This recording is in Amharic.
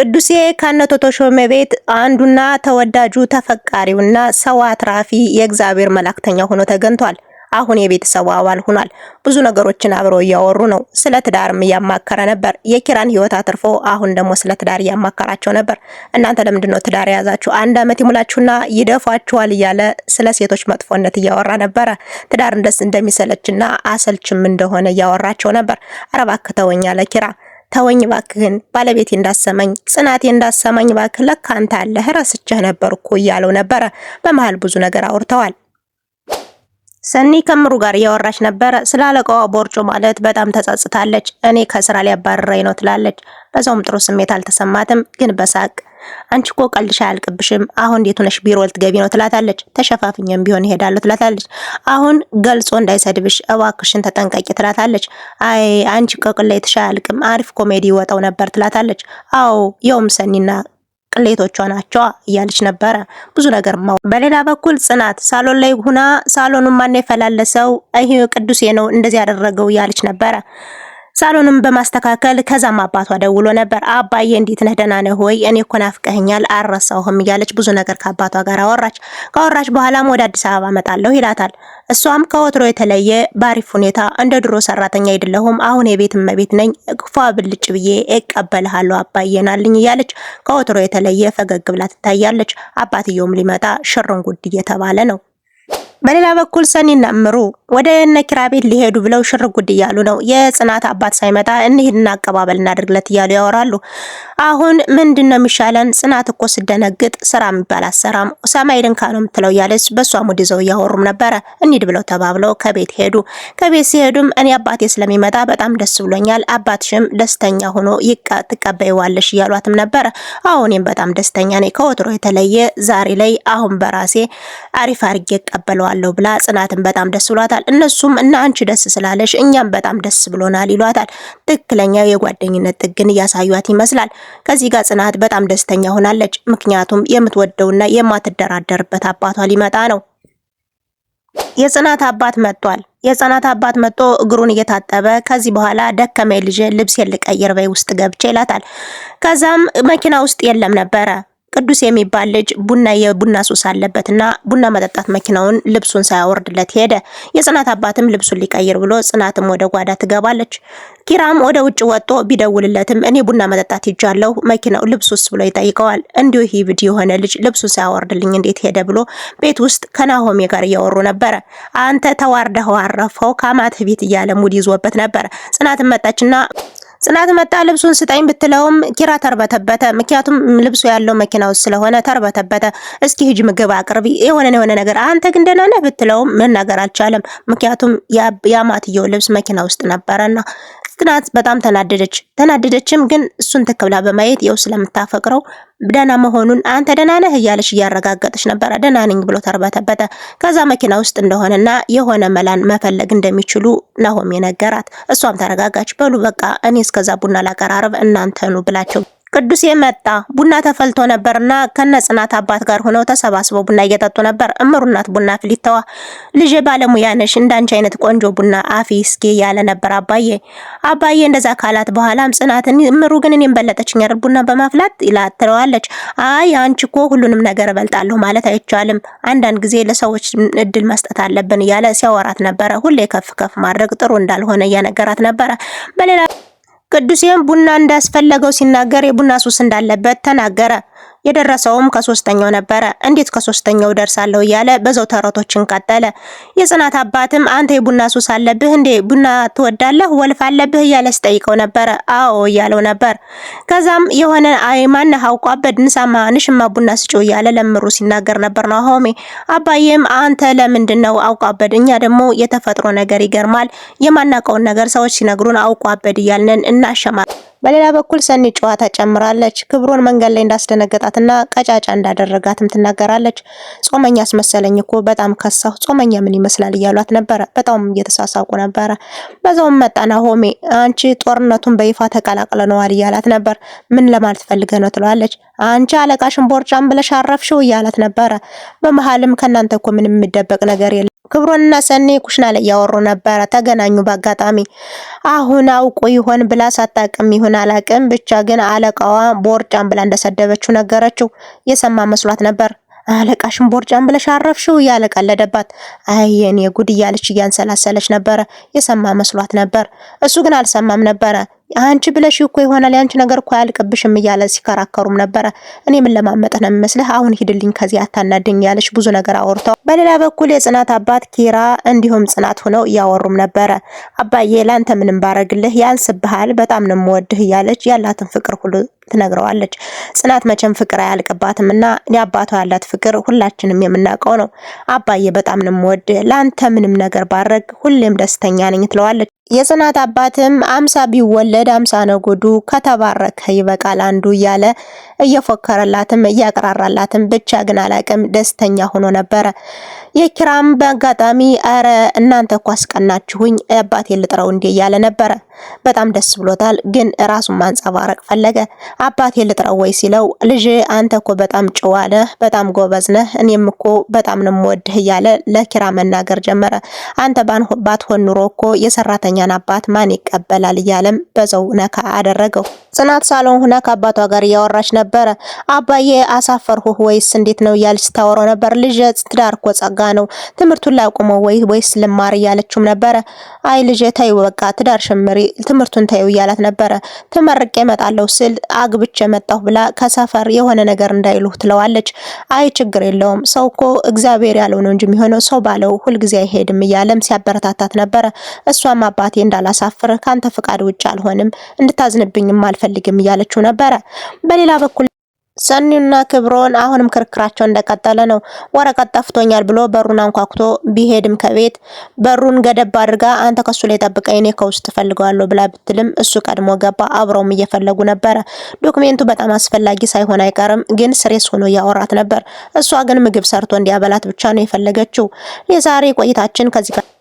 ቅዱሴ ከነቶ ተሾመ ቤት አንዱና ተወዳጁ ተፈቃሪውና ሰው አትራፊ የእግዚአብሔር መልአክተኛ ሆኖ ተገኝቷል። አሁን የቤተሰቡ አባል ሆኗል። ብዙ ነገሮችን አብረው እያወሩ ነው። ስለ ትዳርም እያማከረ ነበር። የኪራን ህይወት አትርፎ አሁን ደግሞ ስለ ትዳር እያማከራቸው ነበር። እናንተ ለምንድን ነው ትዳር የያዛችሁ? አንድ አመት ይሙላችሁና ይደፏችኋል እያለ ስለ ሴቶች መጥፎነት እያወራ ነበረ። ትዳር እንደስ እንደሚሰለችና አሰልችም እንደሆነ እያወራቸው ነበር። አረባክተውኛ ለኪራ ተወኝ ባክህን፣ ባለቤቴ እንዳሰማኝ ጽናቴ እንዳሰማኝ ባክህ፣ ለካ አንተ አለህ ረስቼህ ነበር እኮ እያለው ነበረ። በመሃል ብዙ ነገር አውርተዋል። ሰኒ ከምሩ ጋር እያወራች ነበረ። ስለ አለቃዋ ቦርጮ ማለት በጣም ተጸጽታለች። እኔ ከስራ ሊያባረረኝ ነው ትላለች። በዛውም ጥሩ ስሜት አልተሰማትም፣ ግን በሳቅ አንቺ እኮ ቀልድሽ አያልቅብሽም። አሁን እንዴት ሆነሽ ቢሮ ልትገቢ ነው ትላታለች። ተሸፋፍኝም ቢሆን እሄዳለሁ ትላታለች። አሁን ገልጾ እንዳይሰድብሽ እባክሽን ተጠንቀቂ ትላታለች። አይ አንቺ ከቅሌትሽ አያልቅም፣ አሪፍ ኮሜዲ ይወጣው ነበር ትላታለች። አዎ የውም ሰኒና ቅሌቶቿ ናቸዋ እያለች ነበረ ብዙ ነገር ማ በሌላ በኩል ጽናት ሳሎን ላይ ሁና ሳሎኑን ማነው የፈላለሰው ይሄ ቅዱሴ ነው እንደዚህ ያደረገው እያለች ነበረ ሳሎንም በማስተካከል ከዛም አባቷ ደውሎ ነበር። አባዬ እንዴት ነህ? ደህና ነህ ወይ? እኔ እኮ ናፍቀህኛል፣ አረሳውህም እያለች ብዙ ነገር ከአባቷ ጋር አወራች። ካወራች በኋላም ወደ አዲስ አበባ እመጣለሁ ይላታል። እሷም ከወትሮ የተለየ ባሪፍ ሁኔታ እንደ ድሮ ሰራተኛ አይደለሁም፣ አሁን የቤት እመቤት ነኝ፣ ፏ ብልጭ ብዬ እቀበልሃለሁ አባዬናልኝ እያለች ከወትሮ የተለየ ፈገግ ብላ ትታያለች። አባትየውም ሊመጣ ሽርን ጉድ እየተባለ ነው። በሌላ በኩል ሰኒና ምሩ ወደ ነኪራ ቤት ሊሄዱ ብለው ሽር ጉድ እያሉ ነው። የጽናት አባት ሳይመጣ እንሂድና አቀባበል እናድርግለት እያሉ ያወራሉ። አሁን ምንድን ነው የሚሻለን? ጽናት እኮ ስደነግጥ ስራ የሚባል አሰራም ሰማይ ድንካ ነው የምትለው እያለች በእሷ ሙድ ይዘው እያወሩም ነበረ። እንሂድ ብለው ተባብለው ከቤት ሄዱ። ከቤት ሲሄዱም እኔ አባቴ ስለሚመጣ በጣም ደስ ብሎኛል፣ አባትሽም ደስተኛ ሆኖ ትቀበይዋለሽ እያሏትም ነበረ። አዎ እኔም በጣም ደስተኛ ነኝ፣ ከወትሮ የተለየ ዛሬ ላይ አሁን በራሴ አሪፍ አርጌ እቀበለዋለሁ አደርገዋለሁ ብላ ጽናትን በጣም ደስ ብሏታል። እነሱም እና አንቺ ደስ ስላለሽ እኛም በጣም ደስ ብሎናል ይሏታል። ትክክለኛው የጓደኝነት ጥግን እያሳዩት ይመስላል። ከዚህ ጋር ጽናት በጣም ደስተኛ ሆናለች። ምክንያቱም የምትወደውና የማትደራደርበት አባቷ ሊመጣ ነው። የጽናት አባት መጥቷል። የጽናት አባት መጥቶ እግሩን እየታጠበ ከዚህ በኋላ ደከመኝ ልጄ ልብስ ልቀይር በይ ውስጥ ገብቼ ይላታል። ከዛም መኪና ውስጥ የለም ነበረ ቅዱስ የሚባል ልጅ ቡና የቡና ሱስ አለበትና ቡና መጠጣት መኪናውን ልብሱን ሳያወርድለት ሄደ። የጽናት አባትም ልብሱን ሊቀይር ብሎ ጽናትም ወደ ጓዳ ትገባለች። ኪራም ወደ ውጭ ወጥቶ ቢደውልለትም እኔ ቡና መጠጣት ይጃለሁ መኪናው ልብሱስ ብሎ ይጠይቀዋል። እንዲሁ ሂብድ የሆነ ልጅ ልብሱን ሳያወርድልኝ እንዴት ሄደ ብሎ ቤት ውስጥ ከናሆሜ ጋር እያወሩ ነበረ። አንተ ተዋርደኸው አረፈው ከአማትህ ቤት እያለ ሙድ ይዞበት ነበረ። ጽናትም መጣችና ጽናት መጣ ልብሱን ስጠኝ ብትለውም ኪራ ተርበተበተ። ምክንያቱም ልብሱ ያለው መኪና ውስጥ ስለሆነ ተርበተበተ። እስኪ ሂጅ ምግብ አቅርቢ የሆነ የሆነ ነገር አንተ ግን ደህና ነህ ብትለውም መናገር አልቻለም። ምክንያቱም የአማትየው ልብስ መኪና ውስጥ ነበረና ጽናት በጣም ተናደደች። ተናደደችም ግን እሱን ትክብላ በማየት የው ስለምታፈቅረው ደህና መሆኑን አንተ ደህና ነህ እያለች እያረጋገጠች ነበረ። ደህና ነኝ ብሎ ተርበተበተ። ከዛ መኪና ውስጥ እንደሆነና የሆነ መላን መፈለግ እንደሚችሉ ናሆም ነገራት። እሷም ተረጋጋች። በሉ በቃ እኔ እስከዛ ቡና ላቀራረብ እናንተ ኑ ብላቸው ቅዱስ የመጣ ቡና ተፈልቶ ነበርና ከነ ጽናት አባት ጋር ሆነው ተሰባስበው ቡና እየጠጡ ነበር። እምሩ እናት ቡና ፍሊተዋ ልጄ ባለሙያ ነሽ እንዳንቺ አይነት ቆንጆ ቡና አፊ እስኪ ያለ ነበር አባዬ። አባዬ እንደዛ ካላት በኋላም ጽናትን እምሩ ግን እኔም በለጠችኝ አይደል ቡና በማፍላት ይላት ትለዋለች። አይ አንቺ እኮ ሁሉንም ነገር እበልጣለሁ ማለት አይቻልም፣ አንዳንድ ጊዜ ለሰዎች እድል መስጠት አለብን እያለ ሲያወራት ነበረ። ሁሌ ከፍ ከፍ ማድረግ ጥሩ እንዳልሆነ እያነገራት ነበረ በሌላ ቅዱሴም ቡና እንዳስፈለገው ሲናገር የቡና ሱስ እንዳለበት ተናገረ። የደረሰውም ከሶስተኛው ነበረ። እንዴት ከሶስተኛው ደርሳለሁ እያለ በዘው ተረቶችን ቀጠለ። የጽናት አባትም አንተ የቡና ሱስ አለብህ እንዴ? ቡና ትወዳለህ? ወልፍ አለብህ እያለ ሲጠይቀው ነበረ። አዎ እያለው ነበር። ከዛም የሆነ አይማን ሀውቋ በድንሳማ ንሽማ ቡና ስጮ እያለ ለምሩ ሲናገር ነበር ነው ሆሜ አባዬም አንተ ለምንድን ነው አውቋበድ? እኛ ደግሞ የተፈጥሮ ነገር ይገርማል የማናውቀውን ነገር ሰዎች ሲነግሩን አውቋበድ እያልንን እናሸማል በሌላ በኩል ሰኒ ጨዋታ ጨምራለች። ክብሮን መንገድ ላይ እንዳስደነገጣትና ቀጫጫ እንዳደረጋትም ትናገራለች። ጾመኛ አስመሰለኝ እኮ በጣም ከሳሁ፣ ጾመኛ ምን ይመስላል እያሏት ነበረ። በጣም እየተሳሳቁ ነበረ። በዛውም መጣና ሆሜ አንቺ ጦርነቱን በይፋ ተቀላቅለነዋል እያላት ነበር። ምን ለማለት ፈልገ ነው ትለዋለች። አንቺ አለቃሽን ቦርጫም ብለሽ አረፍሽው እያላት ነበረ። በመሀልም ከእናንተ እኮ ምንም የሚደበቅ ነገር የለም ክብሮንና ሰኔ ኩሽና ላይ ያወሩ ነበረ። ተገናኙ በአጋጣሚ። አሁን አውቆ ይሆን ብላ ሳታቅም ይሆን አላቅም፣ ብቻ ግን አለቃዋ ቦርጫም ብላ እንደሰደበችው ነገረችው። የሰማ መስሏት ነበር። አለቃሽን ቦርጫም ብለሽ አረፍሽው እያለ ቀለደባት። አይ የኔ ጉድ እያለች እያንሰላሰለች ነበረ። የሰማ መስሏት ነበር። እሱ ግን አልሰማም ነበረ። አንቺ ብለሽ እኮ ይሆናል ያንቺ ነገር እኮ አያልቅብሽም እያለ ሲከራከሩም ነበረ። እኔ ምን ለማመጥህ ነው የሚመስልህ? አሁን ሂድልኝ ከዚህ አታናድኝ ያለች ብዙ ነገር አወርተው፣ በሌላ በኩል የጽናት አባት ኪራ እንዲሁም ጽናት ሆነው እያወሩም ነበረ። አባዬ ላንተ ምንም ባረግልህ ያንስብሃል፣ በጣም ነው የምወድህ እያለች ያላትን ፍቅር ሁሉ ትነግረዋለች። ጽናት መቼም ፍቅር አያልቅባትም እና የአባቷ ያላት ፍቅር ሁላችንም የምናውቀው ነው። አባዬ በጣም ነው የምወድህ፣ ላንተ ምንም ነገር ባረግ ሁሌም ደስተኛ ነኝ ትለዋለች። የጽናት አባትም አምሳ ቢወለድ አምሳ ነው ጉዱ ከተባረከ ይበቃል አንዱ እያለ እየፎከረላትም እያቅራራላትም ብቻ ግን አላቅም ደስተኛ ሆኖ ነበረ። የኪራም በአጋጣሚ አረ እናንተ እኮ አስቀናችሁኝ አባቴ ልጥረው እንዴ እያለ ነበረ። በጣም ደስ ብሎታል፣ ግን ራሱን ማንጸባረቅ ፈለገ። አባቴ ልጥረው ወይ ሲለው ልጅ አንተ እኮ በጣም ጨዋ ነህ፣ በጣም ጎበዝ ነህ፣ እኔም እኮ በጣም ነው የምወድህ እያለ ለኪራ መናገር ጀመረ። አንተ ባትሆን ኑሮ እኮ የሰራተኛ የፍቅረኛን አባት ማን ይቀበላል እያለም በዘው ነካ አደረገው። ጽናት ሳሎን ሁና ከአባቷ ጋር እያወራች ነበረ። አባዬ አሳፈርሁህ ወይስ እንዴት ነው እያለች ስታወራው ነበር። ልጄ ትዳር እኮ ጸጋ ነው፣ ትምህርቱን ላቁመው ወይ ወይስ ልማር እያለችም ነበረ። አይ ልጄ ተይው በቃ ትዳር ሽምሪ፣ ትምህርቱን ተይው እያላት ነበረ። ትመርቄ እመጣለሁ ስል አግብቼ መጣሁ ብላ ከሰፈር የሆነ ነገር እንዳይሉህ ትለዋለች። አይ ችግር የለውም ሰው እኮ እግዚአብሔር ያለው ነው እንጂ የሚሆነው ሰው ባለው ሁልጊዜ አይሄድም እያለም ሲያበረታታት ነበረ። እሷም አባ በስርዓቴ እንዳላሳፍርህ ከአንተ ፍቃድ ውጭ አልሆንም፣ እንድታዝንብኝም አልፈልግም እያለችው ነበረ። በሌላ በኩል ሰኒና ክብሮን አሁንም ክርክራቸው እንደቀጠለ ነው። ወረቀት ጠፍቶኛል ብሎ በሩን አንኳኩቶ ቢሄድም ከቤት በሩን ገደብ አድርጋ አንተ ከሱ ላይ ጠብቀኝ፣ እኔ ከውስጥ ፈልገዋለሁ ብላ ብትልም እሱ ቀድሞ ገባ። አብረውም እየፈለጉ ነበረ። ዶክሜንቱ በጣም አስፈላጊ ሳይሆን አይቀርም፣ ግን ስሬስ ሆኖ እያወራት ነበር። እሷ ግን ምግብ ሰርቶ እንዲያበላት ብቻ ነው የፈለገችው። የዛሬ ቆይታችን ከዚህ